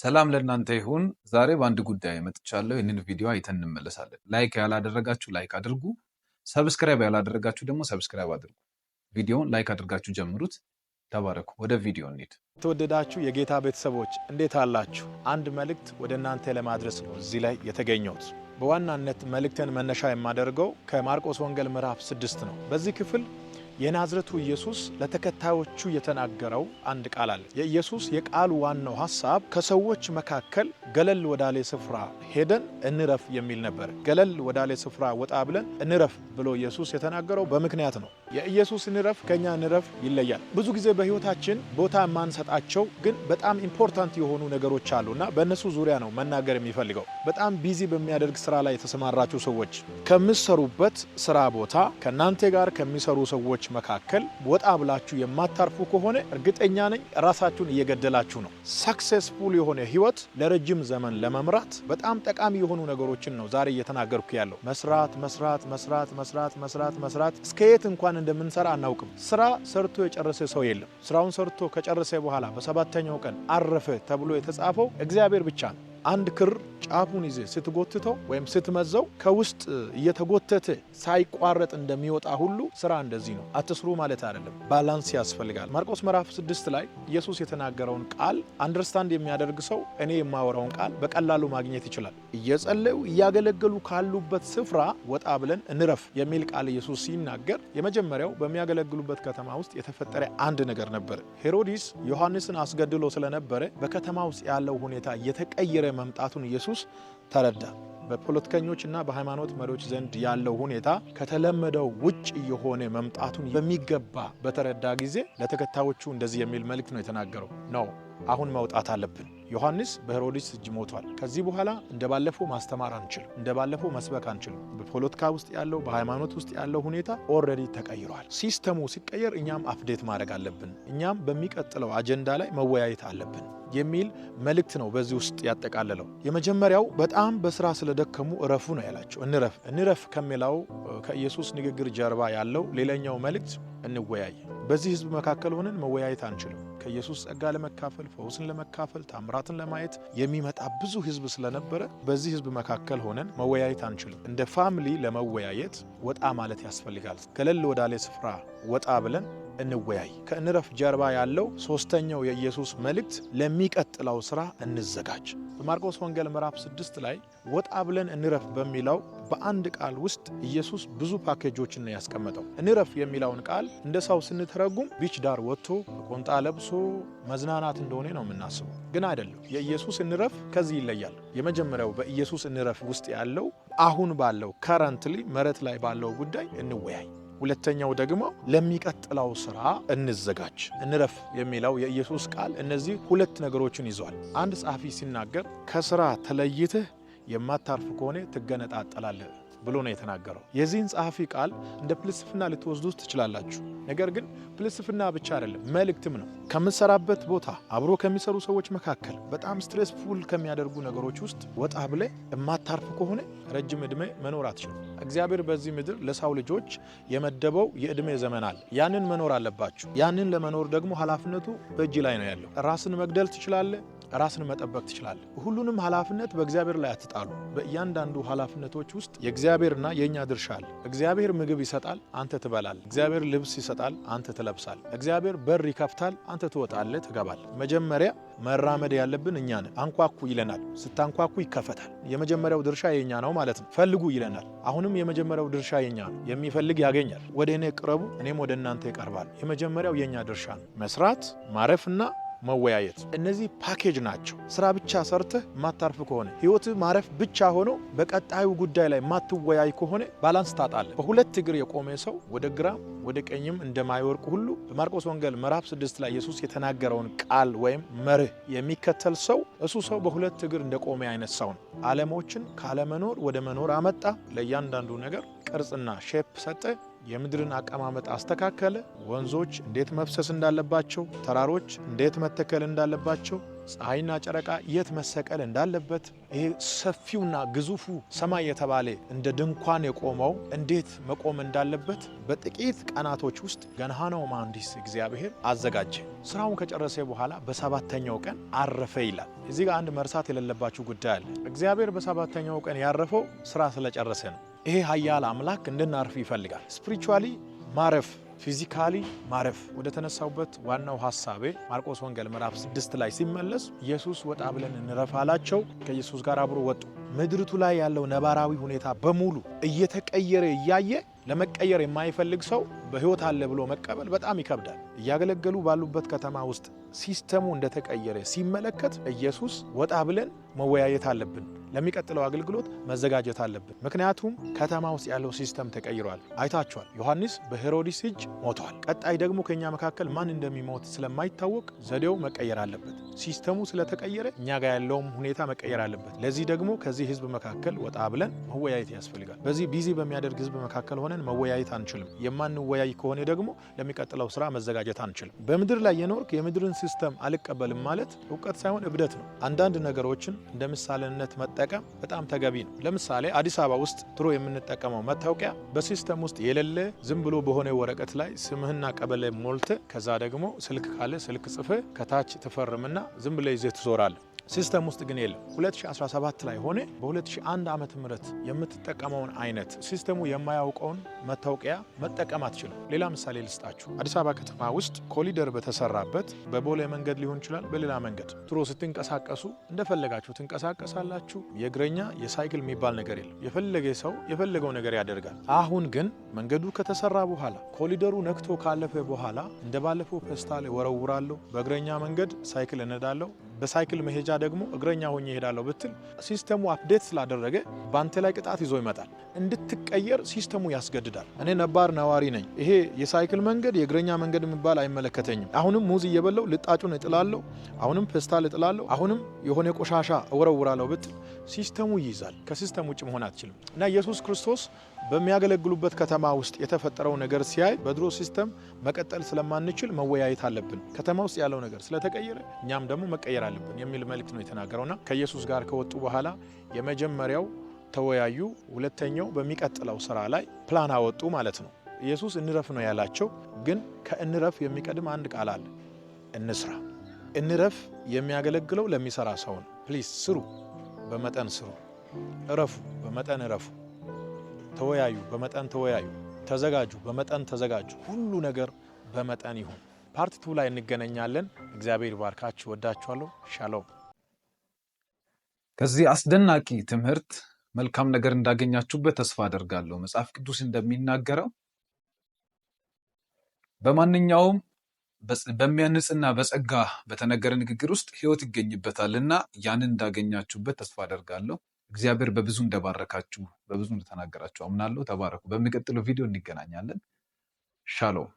ሰላም ለእናንተ ይሁን። ዛሬ በአንድ ጉዳይ መጥቻለሁ። ይህንን ቪዲዮ አይተን እንመለሳለን። ላይክ ያላደረጋችሁ ላይክ አድርጉ፣ ሰብስክራይብ ያላደረጋችሁ ደግሞ ሰብስክራይብ አድርጉ። ቪዲዮውን ላይክ አድርጋችሁ ጀምሩት። ተባረኩ። ወደ ቪዲዮ እንሂድ። የተወደዳችሁ የጌታ ቤተሰቦች እንዴት አላችሁ? አንድ መልእክት ወደ እናንተ ለማድረስ ነው እዚህ ላይ የተገኘሁት። በዋናነት መልእክትን መነሻ የማደርገው ከማርቆስ ወንጌል ምዕራፍ ስድስት ነው። በዚህ ክፍል የናዝረቱ ኢየሱስ ለተከታዮቹ የተናገረው አንድ ቃል አለ። የኢየሱስ የቃሉ ዋናው ሀሳብ ከሰዎች መካከል ገለል ወዳሌ ስፍራ ሄደን እንረፍ የሚል ነበር። ገለል ወዳሌ ስፍራ ወጣ ብለን እንረፍ ብሎ ኢየሱስ የተናገረው በምክንያት ነው። የኢየሱስ እንረፍ ከእኛ እንረፍ ይለያል። ብዙ ጊዜ በሕይወታችን ቦታ የማንሰጣቸው ግን በጣም ኢምፖርታንት የሆኑ ነገሮች አሉ እና በእነሱ ዙሪያ ነው መናገር የሚፈልገው። በጣም ቢዚ በሚያደርግ ስራ ላይ የተሰማራችሁ ሰዎች ከምትሰሩበት ስራ ቦታ ከእናንተ ጋር ከሚሰሩ ሰዎች መካከል ወጣ ብላችሁ የማታርፉ ከሆነ እርግጠኛ ነኝ ራሳችሁን እየገደላችሁ ነው። ሰክሴስፉል የሆነ ህይወት ለረጅም ዘመን ለመምራት በጣም ጠቃሚ የሆኑ ነገሮችን ነው ዛሬ እየተናገርኩ ያለው። መስራት መስራት መስራት መስራት መስራት መስራት እስከ የት እንኳን እንደምንሰራ አናውቅም። ስራ ሰርቶ የጨረሰ ሰው የለም። ስራውን ሰርቶ ከጨረሰ በኋላ በሰባተኛው ቀን አረፈ ተብሎ የተጻፈው እግዚአብሔር ብቻ ነው። አንድ ክር ጫፉን ይዘህ ስትጎትተው ወይም ስትመዘው ከውስጥ እየተጎተተ ሳይቋረጥ እንደሚወጣ ሁሉ ስራ እንደዚህ ነው። አትስሩ ማለት አይደለም፣ ባላንስ ያስፈልጋል። ማርቆስ ምዕራፍ 6 ላይ ኢየሱስ የተናገረውን ቃል አንደርስታንድ የሚያደርግ ሰው እኔ የማወራውን ቃል በቀላሉ ማግኘት ይችላል። እየጸለዩ እያገለገሉ ካሉበት ስፍራ ወጣ ብለን እንረፍ የሚል ቃል ኢየሱስ ሲናገር የመጀመሪያው በሚያገለግሉበት ከተማ ውስጥ የተፈጠረ አንድ ነገር ነበር። ሄሮዲስ ዮሐንስን አስገድሎ ስለነበረ በከተማ ውስጥ ያለው ሁኔታ እየተቀየረ መምጣቱን ኢየሱስ ተረዳ። በፖለቲከኞችና በሃይማኖት መሪዎች ዘንድ ያለው ሁኔታ ከተለመደው ውጭ የሆነ መምጣቱን በሚገባ በተረዳ ጊዜ ለተከታዮቹ እንደዚህ የሚል መልእክት ነው የተናገረው ነው አሁን መውጣት አለብን ዮሐንስ በሄሮድስ እጅ ሞቷል። ከዚህ በኋላ እንደ ባለፈው ማስተማር አንችልም፣ እንደ ባለፈው መስበክ አንችልም። በፖለቲካ ውስጥ ያለው በሃይማኖት ውስጥ ያለው ሁኔታ ኦልሬዲ ተቀይሯል። ሲስተሙ ሲቀየር እኛም አፕዴት ማድረግ አለብን። እኛም በሚቀጥለው አጀንዳ ላይ መወያየት አለብን የሚል መልእክት ነው በዚህ ውስጥ ያጠቃለለው። የመጀመሪያው በጣም በስራ ስለደከሙ እረፉ ነው ያላቸው። እንረፍ እንረፍ ከሚለው ከኢየሱስ ንግግር ጀርባ ያለው ሌላኛው መልእክት እንወያይ በዚህ ህዝብ መካከል ሆነን መወያየት አንችልም። ከኢየሱስ ጸጋ ለመካፈል ፈውስን ለመካፈል ታምራትን ለማየት የሚመጣ ብዙ ህዝብ ስለነበረ በዚህ ህዝብ መካከል ሆነን መወያየት አንችልም። እንደ ፋሚሊ ለመወያየት ወጣ ማለት ያስፈልጋል። ገለል ወዳለ ስፍራ ወጣ ብለን እንወያይ። ከእንረፍ ጀርባ ያለው ሶስተኛው የኢየሱስ መልእክት ለሚቀጥለው ስራ እንዘጋጅ። በማርቆስ ወንጌል ምዕራፍ 6 ላይ ወጣ ብለን እንረፍ በሚለው በአንድ ቃል ውስጥ ኢየሱስ ብዙ ፓኬጆችን ነው ያስቀመጠው። እንረፍ የሚለውን ቃል እንደ ሰው ስንተረጉም ቢች ዳር ወጥቶ ቆንጣ ለብሶ መዝናናት እንደሆነ ነው የምናስበው፣ ግን አይደለም። የኢየሱስ እንረፍ ከዚህ ይለያል። የመጀመሪያው በኢየሱስ እንረፍ ውስጥ ያለው አሁን ባለው ከረንትሊ መሬት ላይ ባለው ጉዳይ እንወያይ ሁለተኛው ደግሞ ለሚቀጥለው ስራ እንዘጋጅ፣ እንረፍ የሚለው የኢየሱስ ቃል እነዚህ ሁለት ነገሮችን ይዟል። አንድ ጸሐፊ ሲናገር ከስራ ተለይትህ የማታርፍ ከሆነ ትገነጣጠላለህ ብሎ ነው የተናገረው። የዚህን ጸሐፊ ቃል እንደ ፍልስፍና ልትወስዱት ትችላላችሁ። ነገር ግን ፍልስፍና ብቻ አይደለም፣ መልእክትም ነው። ከምትሰራበት ቦታ አብሮ ከሚሰሩ ሰዎች መካከል በጣም ስትሬስፉል ከሚያደርጉ ነገሮች ውስጥ ወጣ ብለ የማታርፍ ከሆነ ረጅም ዕድሜ መኖር አትችልም። እግዚአብሔር በዚህ ምድር ለሰው ልጆች የመደበው የዕድሜ ዘመን አለ። ያንን መኖር አለባችሁ። ያንን ለመኖር ደግሞ ኃላፊነቱ በእጅ ላይ ነው ያለው። ራስን መግደል ትችላለህ። ራስን መጠበቅ ትችላለህ። ሁሉንም ኃላፊነት በእግዚአብሔር ላይ አትጣሉ። በእያንዳንዱ ኃላፊነቶች ውስጥ የእግዚአብሔርና የእኛ ድርሻ አለ። እግዚአብሔር ምግብ ይሰጣል፣ አንተ ትበላል። እግዚአብሔር ልብስ ይሰጣል፣ አንተ ትለብሳል። እግዚአብሔር በር ይከፍታል፣ አንተ ትወጣለህ፣ ትገባል። መጀመሪያ መራመድ ያለብን እኛ ነን። አንኳኩ ይለናል። ስታንኳኩ ይከፈታል። የመጀመሪያው ድርሻ የኛ ነው ማለት ነው። ፈልጉ ይለናል። አሁንም የመጀመሪያው ድርሻ የኛ ነው። የሚፈልግ ያገኛል። ወደ እኔ ቅረቡ፣ እኔም ወደ እናንተ ይቀርባል። የመጀመሪያው የኛ ድርሻ ነው። መስራት ማረፍና መወያየት። እነዚህ ፓኬጅ ናቸው። ስራ ብቻ ሰርተህ ማታርፍ ከሆነ ህይወት ማረፍ ብቻ ሆኖ በቀጣዩ ጉዳይ ላይ የማትወያይ ከሆነ ባላንስ ታጣለ በሁለት እግር የቆመ ሰው ወደ ግራም ወደ ቀኝም እንደማይወርቅ ሁሉ በማርቆስ ወንጌል ምዕራፍ ስድስት ላይ ኢየሱስ የተናገረውን ቃል ወይም መርህ የሚከተል ሰው እሱ ሰው በሁለት እግር እንደቆመ አይነት ሰው ነው። ዓለሞችን ካለመኖር ወደ መኖር አመጣ። ለእያንዳንዱ ነገር ቅርጽና ሼፕ ሰጠ። የምድርን አቀማመጥ አስተካከለ። ወንዞች እንዴት መፍሰስ እንዳለባቸው፣ ተራሮች እንዴት መተከል እንዳለባቸው፣ ፀሐይና ጨረቃ የት መሰቀል እንዳለበት ይሄ ሰፊውና ግዙፉ ሰማይ የተባለ እንደ ድንኳን የቆመው እንዴት መቆም እንዳለበት በጥቂት ቀናቶች ውስጥ ነው መሐንዲስ እግዚአብሔር አዘጋጀ። ስራውን ከጨረሰ በኋላ በሰባተኛው ቀን አረፈ ይላል። እዚህ ጋር አንድ መርሳት የሌለባችሁ ጉዳይ አለ። እግዚአብሔር በሰባተኛው ቀን ያረፈው ስራ ስለጨረሰ ነው። ይሄ ሀያል አምላክ እንድናርፍ ይፈልጋል። ስፒሪቹዋሊ ማረፍ ፊዚካሊ ማረፍ። ወደ ተነሳውበት ዋናው ሀሳቤ ማርቆስ ወንጌል ምዕራፍ ስድስት ላይ ሲመለስ ኢየሱስ ወጣ ብለን እንረፍ አላቸው። ከኢየሱስ ጋር አብሮ ወጡ። ምድርቱ ላይ ያለው ነባራዊ ሁኔታ በሙሉ እየተቀየረ እያየ ለመቀየር የማይፈልግ ሰው በሕይወት አለ ብሎ መቀበል በጣም ይከብዳል። እያገለገሉ ባሉበት ከተማ ውስጥ ሲስተሙ እንደተቀየረ ሲመለከት ኢየሱስ ወጣ ብለን መወያየት አለብን ለሚቀጥለው አገልግሎት መዘጋጀት አለብን። ምክንያቱም ከተማ ውስጥ ያለው ሲስተም ተቀይሯል። አይታችኋል። ዮሐንስ በሄሮድስ እጅ ሞቷል። ቀጣይ ደግሞ ከእኛ መካከል ማን እንደሚሞት ስለማይታወቅ ዘዴው መቀየር አለበት። ሲስተሙ ስለተቀየረ እኛ ጋር ያለውም ሁኔታ መቀየር አለበት። ለዚህ ደግሞ ከዚህ ህዝብ መካከል ወጣ ብለን መወያየት ያስፈልጋል። በዚህ ቢዚ በሚያደርግ ህዝብ መካከል ሆነን መወያየት አንችልም። የማንወያይ ከሆነ ደግሞ ለሚቀጥለው ስራ መዘጋጀት አንችልም። በምድር ላይ የኖርክ የምድርን ሲስተም አልቀበልም ማለት እውቀት ሳይሆን እብደት ነው። አንዳንድ ነገሮችን እንደ ምሳሌነት መጠቀም በጣም ተገቢ ነው። ለምሳሌ አዲስ አበባ ውስጥ ትሮ የምንጠቀመው መታወቂያ በሲስተም ውስጥ የሌለ ዝም ብሎ በሆነ ወረቀት ላይ ስምህና ቀበሌ ሞልተ ከዛ ደግሞ ስልክ ካለ ስልክ ጽፈ ከታች ትፈርምና ዝም ብለህ ይዘህ ትዞራለህ። ሲስተም ውስጥ ግን የለም። 2017 ላይ ሆነ በ2001 ዓመተ ምህረት የምትጠቀመውን አይነት ሲስተሙ የማያውቀውን መታወቂያ መጠቀም አትችልም። ሌላ ምሳሌ ልስጣችሁ። አዲስ አበባ ከተማ ውስጥ ኮሊደር በተሰራበት በቦሌ መንገድ ሊሆን ይችላል፣ በሌላ መንገድ ትሮ ስትንቀሳቀሱ እንደፈለጋችሁ ትንቀሳቀሳላችሁ። የእግረኛ የሳይክል የሚባል ነገር የለም። የፈለገ ሰው የፈለገው ነገር ያደርጋል። አሁን ግን መንገዱ ከተሰራ በኋላ ኮሊደሩ ነክቶ ካለፈ በኋላ እንደባለፈው ፌስታል ወረውራለሁ፣ በእግረኛ መንገድ ሳይክል እነዳለሁ በሳይክል መሄጃ ደግሞ እግረኛ ሆኜ እሄዳለሁ ብትል ሲስተሙ አፕዴት ስላደረገ በአንተ ላይ ቅጣት ይዞ ይመጣል። እንድትቀየር ሲስተሙ ያስገድዳል። እኔ ነባር ነዋሪ ነኝ። ይሄ የሳይክል መንገድ የእግረኛ መንገድ የሚባል አይመለከተኝም። አሁንም ሙዝ እየበለው ልጣጩን እጥላለሁ፣ አሁንም ፌስታል እጥላለሁ፣ አሁንም የሆነ ቆሻሻ እወረውራለሁ ብትል ሲስተሙ ይይዛል። ከሲስተም ውጭ መሆን አትችልም እና ኢየሱስ ክርስቶስ በሚያገለግሉበት ከተማ ውስጥ የተፈጠረው ነገር ሲያይ በድሮ ሲስተም መቀጠል ስለማንችል መወያየት አለብን። ከተማ ውስጥ ያለው ነገር ስለተቀየረ እኛም ደግሞ መቀየር አለብን የሚል መልእክት ነው የተናገረውና ከኢየሱስ ጋር ከወጡ በኋላ የመጀመሪያው ተወያዩ። ሁለተኛው በሚቀጥለው ስራ ላይ ፕላን አወጡ ማለት ነው። ኢየሱስ እንረፍ ነው ያላቸው፣ ግን ከእንረፍ የሚቀድም አንድ ቃል አለ፣ እንስራ። እንረፍ የሚያገለግለው ለሚሰራ ሰው ነው። ፕሊስ ስሩ፣ በመጠን ስሩ። እረፉ፣ በመጠን እረፉ። ተወያዩ፣ በመጠን ተወያዩ። ተዘጋጁ፣ በመጠን ተዘጋጁ። ሁሉ ነገር በመጠን ይሁን። ፓርት ቱ ላይ እንገናኛለን። እግዚአብሔር ባርካችሁ። ወዳችኋለሁ። ሻሎም። ከዚህ አስደናቂ ትምህርት መልካም ነገር እንዳገኛችሁበት ተስፋ አደርጋለሁ። መጽሐፍ ቅዱስ እንደሚናገረው በማንኛውም በሚያንጽና በጸጋ በተነገረ ንግግር ውስጥ ሕይወት ይገኝበታል እና ያንን እንዳገኛችሁበት ተስፋ አደርጋለሁ። እግዚአብሔር በብዙ እንደባረካችሁ በብዙ እንደተናገራችሁ አምናለሁ። ተባረኩ። በሚቀጥለው ቪዲዮ እንገናኛለን። ሻሎም